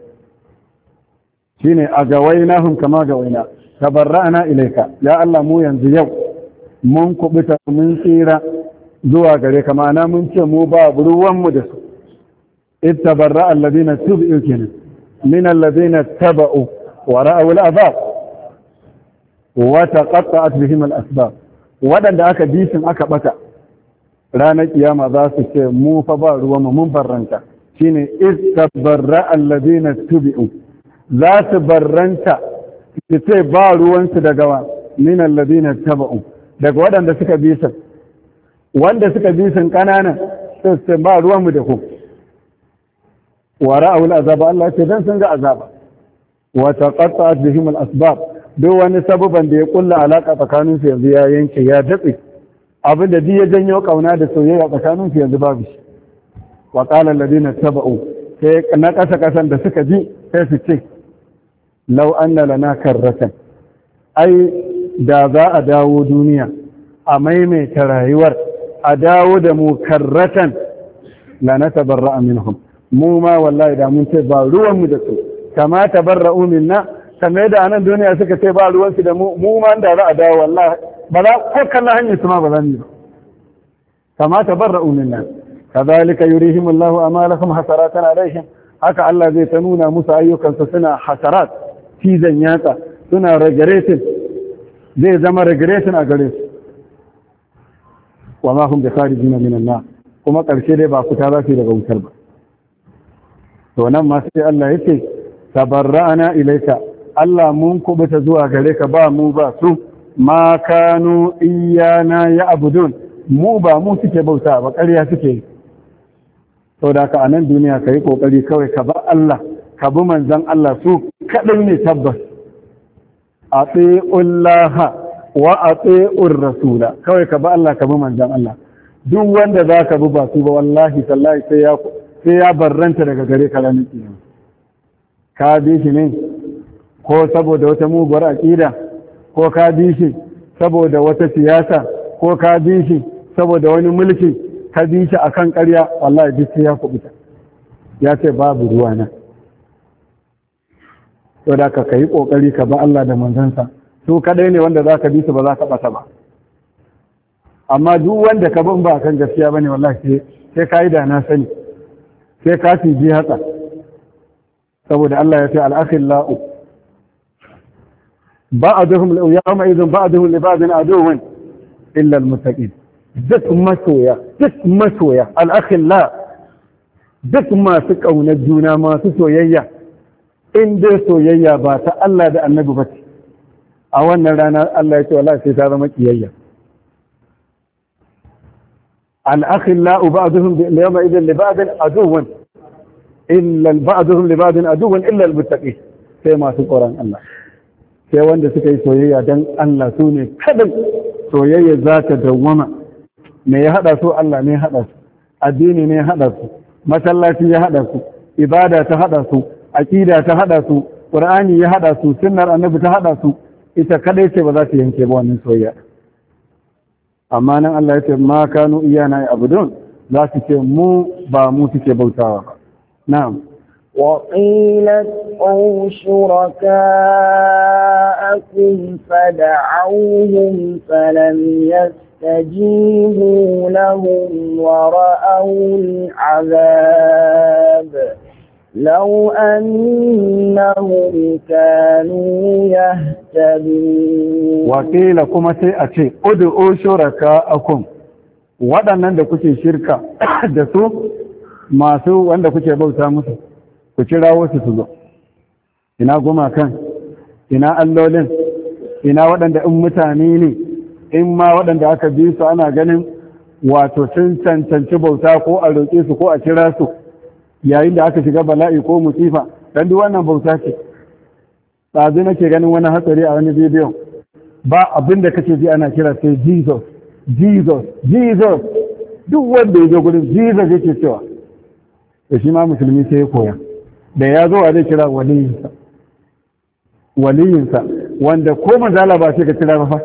shine gawaina hun kama gawaina tabarra'na ilaika ya Allah mu yanzu yau mun kubuta mun tsira zuwa gare ka ma'ana mun ce mu ba ruwan mu da su ittabarra alladina tubu kenan من الذين اتبعوا ورأوا الأذاب وتقطعت بهم الأسباب ودن أكا ديسن أكا بتا رانا قيامة ذات مو فبار ومن برنتا شين إذ تبرأ الذين اتبعوا ذات برنتا تتي باروان سدقوا من الذين اتبعوا daga waɗanda suka bisan wanda suka bisan ƙananan sai ba ruwanmu da ku wa wula azaba Allah ce dan sun ga azaba wata ƙasa bihim al-asbab duk wani sababan da ya kulla alaƙa tsakanin su yanzu ya yanke ya datse abin da ya janyo ƙauna da soyayya tsakanin su yanzu babu shi wa qala alladhina taba'u sai na kasa kasan da suka ji sai su ce law anna lana karratan ai da za a dawo duniya a maimaita rayuwar a dawo da mu karratan la natabarra minhum mu ma wallahi da mun ce ba ruwanmu da su kama tabarra'u minna kamar da anan duniya suka ce ba su da mu mu ma da za a dawo wallahi ba za ko kallon hanyar su ma ba za mu ba kama tabarra'u minna kadhalika allahu amalakum hasaratan alaihim haka Allah zai ta nuna musu ayyukansu suna hasarat cizon yatsa suna regretin zai zama regretin a gare su wa ma hum bi kharijin minan kuma karshe dai ba fita za su daga wutar ba to nan ma sai Allah ya ce tabarra'ana ilaika Allah mun kubuta zuwa gare ka ba mu ba su ma kanu iyana ya abudun mu ba mu suke bauta ba ƙarya suke to da ka anan duniya ka yi ƙoƙari kawai ka ba Allah ka bi manzon Allah su kadai ne tabbas a tsaye wa a rasula kawai ka ba Allah ka bi manzon Allah duk wanda za ka bi ba su ba wallahi tallahi sai ya sai ya barranta daga gare ka ranar kiyama ka bi shi ne ko saboda wata muguwar aƙida ko ka bi shi saboda wata siyasa ko ka bi shi saboda wani mulki ka bi shi akan ƙarya wallahi duk sai ya kubuta ya ce babu ruwa na to da ka yi kokari ka ba Allah da manzansa su kadai ne wanda zaka bi su ba za ka bata ba amma duk wanda ka bin ba kan gaskiya bane wallahi sai kai da na sani sai ka ji haka saboda Allah ya ce al-akhillau ba'aduhum yawma idhin ba'aduhum li ba'din aduwwun illa al-muttaqin duk masoya duk masoya al-akhilla duk masu kaunar juna masu soyayya in dai soyayya ba ta Allah da Annabi ba a wannan rana Allah ya ce wallahi sai ta zama kiyayya الأخلاء بعضهم يومئذ لبعض عدو إلا بعضهم لبعض عدو إلا المتقين sai masu tsoron Allah sai wanda suka yi soyayya don Allah su ne kadan soyayya za ta me ya haɗa su Allah ne haɗa su addini ne haɗa su masallaci ya haɗa su ibada ta haɗa su aƙida ta haɗa su ƙur'ani ya haɗa su sunnar annabi ta haɗa su ita kadai ce ba za ta yanke ba wani soyayya amma nan Allah ya ce ma kanu iyana abudun za su ce mu ba mu suke bautawa ba na'am وقيل ادعوا شركاءكم فدعوهم فلم يستجيبوا لهم ورأوا العذاب لو أنهم كانوا يهتدون وقيل كما سيأتي ادعوا شركاءكم waɗannan da kuke shirka da su masu wanda kuke bauta musu ku kira wasu su zo ina gumakan ina allolin ina waɗanda in mutane ne in ma waɗanda aka bi su ana ganin wato sun cancanci bauta ko a roƙe su ko a kira su yayin da aka shiga bala'i ko musifa dan duk wannan bauta ce ɗazu nake ganin wani hatsari a wani bidiyon ba abin da kace ji ana kira sai jesus jesus jesus duk wanda ya zo gurin jesus yake cewa da shi ma musulmi sai ya koya da ya zo a zai kira waliyinsa waliyinsa wanda ko manzala ba sai ka kira ba fa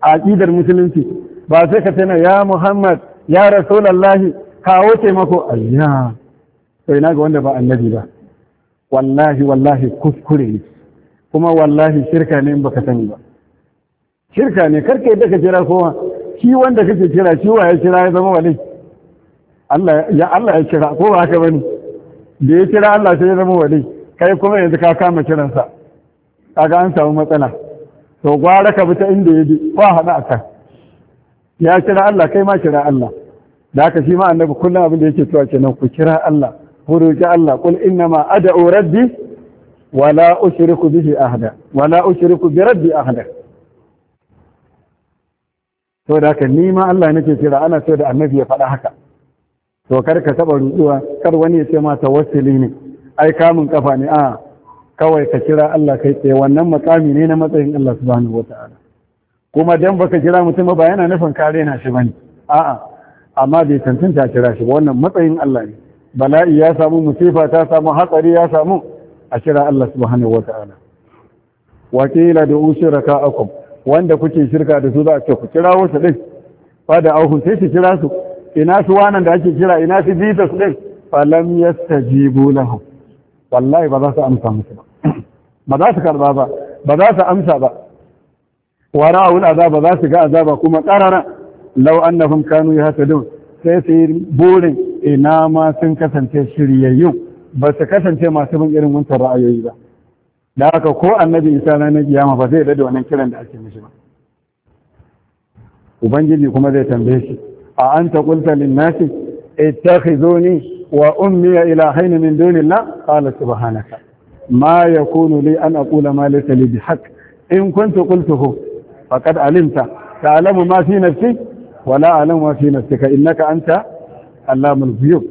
a ƙidar musulunci ba sai ka tana ya muhammad ya lallahi, kawo taimako ayya sai ina ga wanda ba annabi ba wallahi wallahi kuskure ne kuma wallahi shirka ne in baka sani ba shirka ne karka yadda ka kira kowa shi wanda kake kira shi wa ya kira ya zama wali Allah ya Allah ya kira ko ba haka bane da ya kira Allah sai ya zama wali kai kuma yanzu ka kama kiransa kaga an samu matsala to gwara ka bi ta inda ya bi ba hada akan ya kira Allah kai ma kira Allah da haka shi ma annabi kullum abin da yake cewa kenan ku kira Allah huruji Allah qul innama ad'u rabbi wa la ushriku bihi ahada wa la ushriku bi rabbi ahada to da haka ni ma Allah nake kira ana so da annabi ya faɗa haka to kar ka taba rutsuwa kar wani ya ce ma tawassuli ne ai kamun kafa ne a kawai ka kira Allah kai tsaye wannan makami ne na matsayin Allah subhanahu wataala kuma dan baka kira mutum ba yana nufin kare na shi bane a'a amma bai tantanta kira shi ba wannan matsayin Allah ne bala'i ya samu musifa ta samu hatsari ya samu a kira Allah subhanahu wa ta'ala wakila da ka akum wanda kuke shirka da su za a ce ku kira wasu din fa da auhum sai su kira su ina su wannan da ake kira ina su bi su din fa lam yastajibu lahum wallahi ba za su amsa musu ba ba za su karba ba ba za su amsa ba wa ra'awul ba za su ga azaba kuma qarara law annahum kanu yahtadun sai su yi burin ina ma sun kasance shiryayyu ba su kasance masu bin irin wancan ra'ayoyi ba da haka ko annabi isa ranar kiyama ba zai da wannan kiran da ake mishi ba ubangiji kuma zai tambaye shi a anta qulta lin nasi ittakhizuni wa ummi ilahayn min dunillah qala subhanaka ma yakunu li an aqula ma laysa li bihaq in kuntu qultuhu faqad alimta ta'lamu ma fi nafsi wa a'lamu ma fi nafsika innaka anta allamul biyu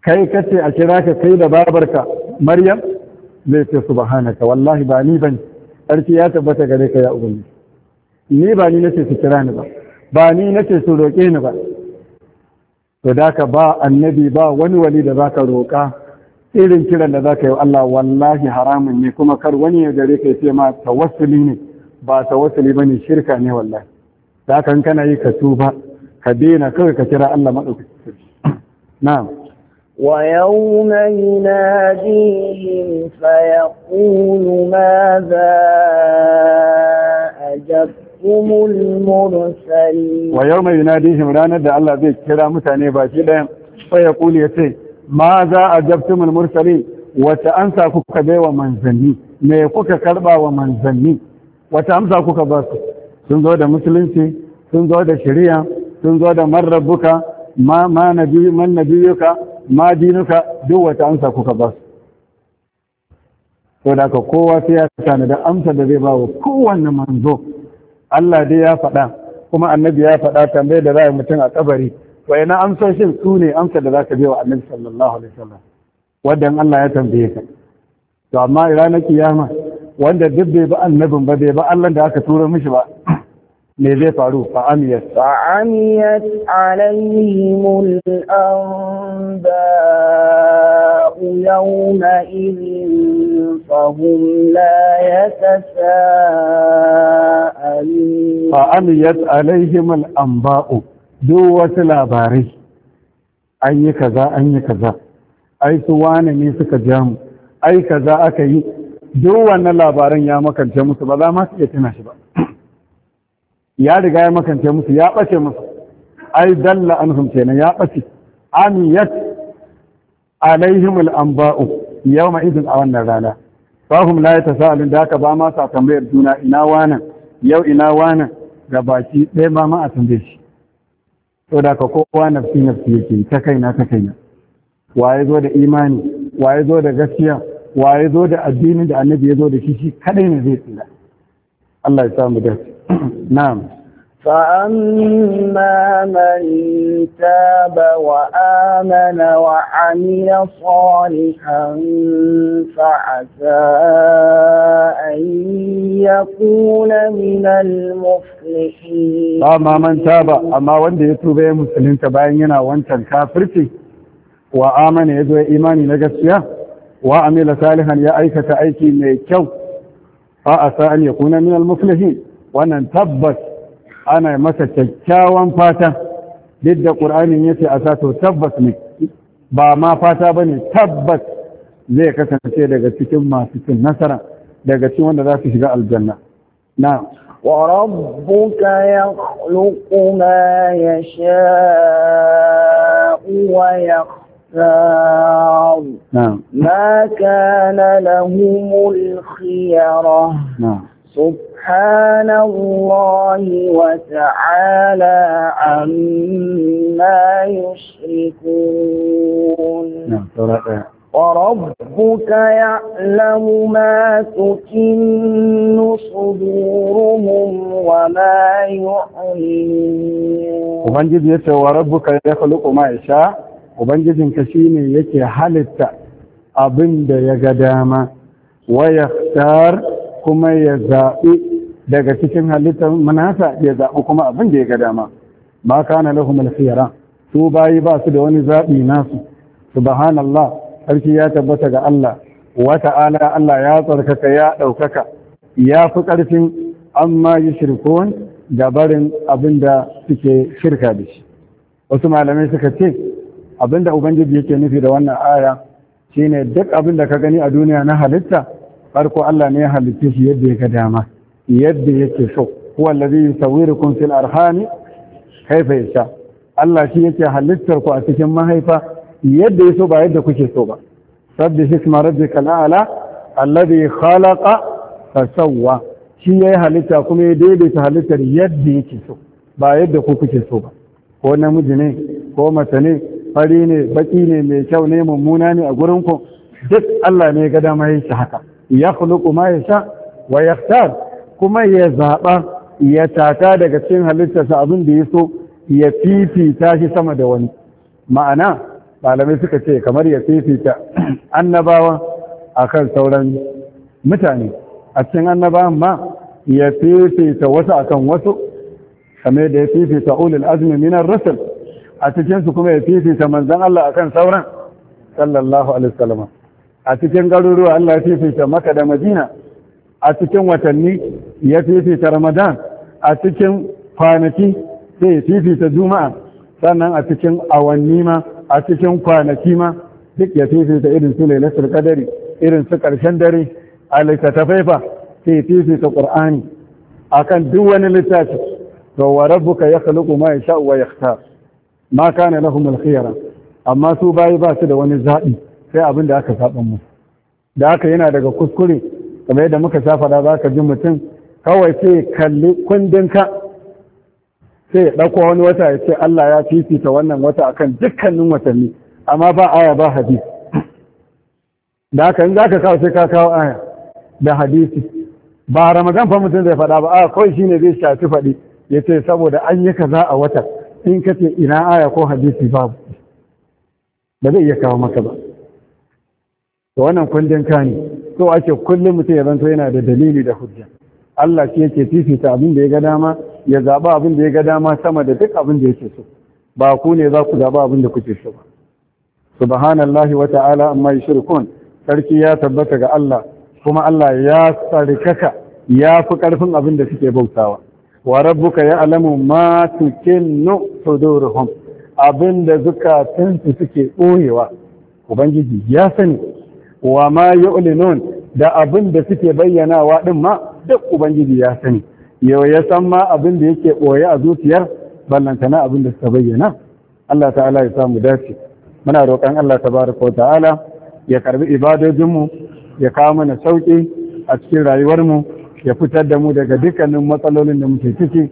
kai kace a kira ka kai da babarka maryam zai ce subhanaka wallahi ba ni bane sarki ya tabbata gare ka ya ubangiji ni ba ni nace su kira ni ba ba ni nace su roƙe ni ba to daka ba annabi ba wani wali da zaka roƙa irin kiran da zaka yi Allah wallahi haramun ne kuma kar wani ya gare ka ce ma tawassuli ne ba tawassuli bane shirka ne wallahi da kan kana yi ka tuba ka daina kawai ka kira Allah maɗaukaki na'am ويوم يناديهم فيقول ماذا أجبتم المرسلين ويوم يناديهم رانا دا الله زي كرا متاني باشي لهم فيقول يتي ماذا أجبتم المرسلين وتأنسى كوكا بي ومنزني ما يكوكا كربا ba وتأنسى كوكا zo سنزو دا مسلمتي سنزو دا شريعة sun zo da man rabbuka ma ma man nabiyuka ma dinuka duk wata amsa kuka ba to da kowa sai ya tana da amsa da zai ba wa kowanne manzo Allah dai ya faɗa kuma annabi ya faɗa tambaye da za mutum a kabari wayannan amsoshin su ne amsa da za ka bai wa annabi sallallahu alaihi wasallam wadan Allah ya tambaye ka to amma ranar kiyama wanda duk bai ba annabin ba bai ba Allah da aka tura mishi ba me zai faru fa'amiyat fa'amiyat alaihimul anba yawma idhin fahum la yatasaalun fa'amiyat alaihimul anba'u duk wasu labarai an yi kaza an yi kaza ai su wane ne suka ja mu ai kaza aka yi duk wannan labaran ya makance musu ba za ma su iya tuna shi ba ya riga ya makance musu ya ɓace musu ai dalla anhum kenan ya ɓace yat alaihim al'amba'u yawma idin a wannan rana fahum la yatasaalun da haka ba ma sa tambayar juna ina wanan yau ina wanan ga baki ɗaya ba ma a tambaye shi to da ka kowa nafsi nafsi yake ta kaina ta kaina waye zo da imani waye zo da gaskiya waye zo da addinin da annabi ya zo da shi shi kadai ne zai tsira Allah ya samu dace نعم فأما من تاب وآمن وعمل صالحا فعسى أن يكون من المفلحين أما من تاب أما وند يتوب يا مسلم تبايننا وانت الكافرتي وآمن يدوي إيماني نجسيا وعمل صالحا يا أيكة أيكي ميكو فعسى أن يكون من المفلحين wannan tabbas ana masa kyakkyawan fata duk da ƙur'anin ya ce a sato tabbas ne ba ma fata ba ne tabbas zai kasance daga cikin masu cin nasara daga cikin wanda za su shiga aljanna na وربك يخلق ما يشاء ويخلق الكفار نعم. ما كان سبحان الله وتعالى عما يشركون نعم، وربك يعلم ما تكن صدورهم وما يعلمون وبنجد يسا وربك يخلق ما يشاء وبنجد كشيني يتي حالتا أبند يقداما ويختار كما يزائي daga cikin halittar manasa ya zaɓi kuma abin da ya ga dama ma kana lahum al su bayi ba su da wani zaɓi nasu subhanallah sarki ya tabbata ga Allah wa ta'ala Allah ya tsarkaka ya ɗaukaka ya fi ƙarfin amma yi shirkuwan da barin abin da suke shirka da shi wasu malamai suka ce abin da ubangiji yake nufi da wannan aya shine duk abin da ka gani a duniya na halitta farko Allah ne ya halitta shi yadda ya ga dama yadda yake so huwa allazi yusawwirukum fil arhami kaifa yasha Allah shi yake halittar ku a cikin mahaifa yadda yaso ba yadda kuke so ba sabbi hikma rabbika al'ala allazi khalaqa fasawwa shi yayi halitta kuma ya daidaita halittar yadda yake so ba yadda ku kuke so ba ko namiji ne ko mace ne fari ne baki ne mai kyau ne mummuna ne a gurin ku duk Allah ne ga dama yayi haka ya khluqu ma yasha wa kuma ya zaɓa ya tata daga cikin halittarsa abin da ya so ya fifita shi sama da wani ma'ana malamai suka ce kamar ya fifita annabawa kan sauran mutane a cikin annabawan ma ya fifita wasu akan wasu kamar da ya fifita ulul azmi minar rasul a cikinsu kuma ya fifita manzan Allah akan sauran sallallahu alaihi wasallam a cikin garuruwa Allah ya fifita maka da Madina a cikin watanni ya fifita ramadan a cikin kwanaki sai ya fifita juma'a sannan a cikin awanni ma a cikin kwanaki ma duk ya fifita irin su lailatul qadari irin su karshen dare a ta faifa sai ya fifita qur'ani akan duk wani littafi to wa rabbuka yakhluqu ma yasha wa yakhtar ma kana lahum al-khiyara amma su bayi ba su da wani zabi sai abin da aka saba mu da haka yana daga kuskure kamar yadda muka sha fada za ka ji mutum kawai sai kalli kundinka sai ya ɗauko wani wata ya ce Allah ya fifita wannan wata akan dukkanin watanni amma ba aya ba hadisi da haka in za ka kawo sai ka kawo aya da hadisi ba ramadan fa mutum zai fada ba a kawai ne zai shafi faɗi ya ce saboda an yi kaza a wata in ka ina aya ko hadisi babu ba zai iya kawo maka ba da wannan kundin kani so ake kullum mutum ya zanto yana da dalili da hujja Allah shi yake fifita abin da ya ga dama ya zaba abin da ya ga dama sama da duk abin da yake so ba ku ne za ku zaba abin da kuke so ba subhanallahi wa ta'ala amma yushrikun sarki ya tabbata ga Allah kuma Allah ya sarkaka ya fi karfin abin da suke bautawa wa rabbuka ya'lamu ma tukinnu suduruhum abin da zukatansu suke ɓoyewa ubangiji ya sani wa ma yu'linun da abin da suke bayyanawa din ma duk ubangiji ya sani yau ya san ma abin da yake ɓoye a zuciyar ballantana abin da suka bayyana Allah ta'ala ya samu dace muna roƙon Allah tabaraka wa ta'ala ya karbi ibadojinmu ya kawo mana sauƙi a cikin rayuwarmu ya fitar da mu daga dukkanin matsalolin da muke ciki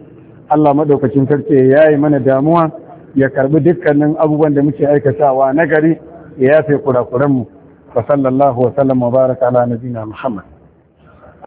Allah maɗaukacin sarki ya yi mana damuwa ya karbi dukkanin abubuwan da muke aikatawa na gari ya yafe mu وصلى الله وسلم وبارك على نبينا محمد